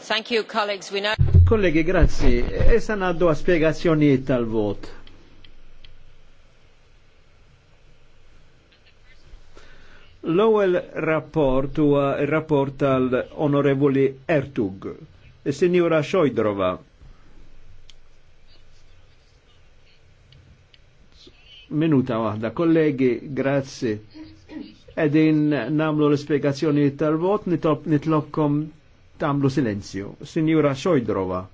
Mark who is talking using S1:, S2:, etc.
S1: Thank you, colleagues. We now...
S2: Kollegi, grazzi. Issa għaddu spiegazzjonijiet tal-vot. L-ewwel rapport huwa r-rapport tal-Onorevoli Ertug, is-Sinjura Xojdrova. Minuta waħda, kollegi, grazzi. Edin namlu l-spiegazzjoni tal-vot, nitlobkom tamlu silenzju. Sinjura Xojdrova.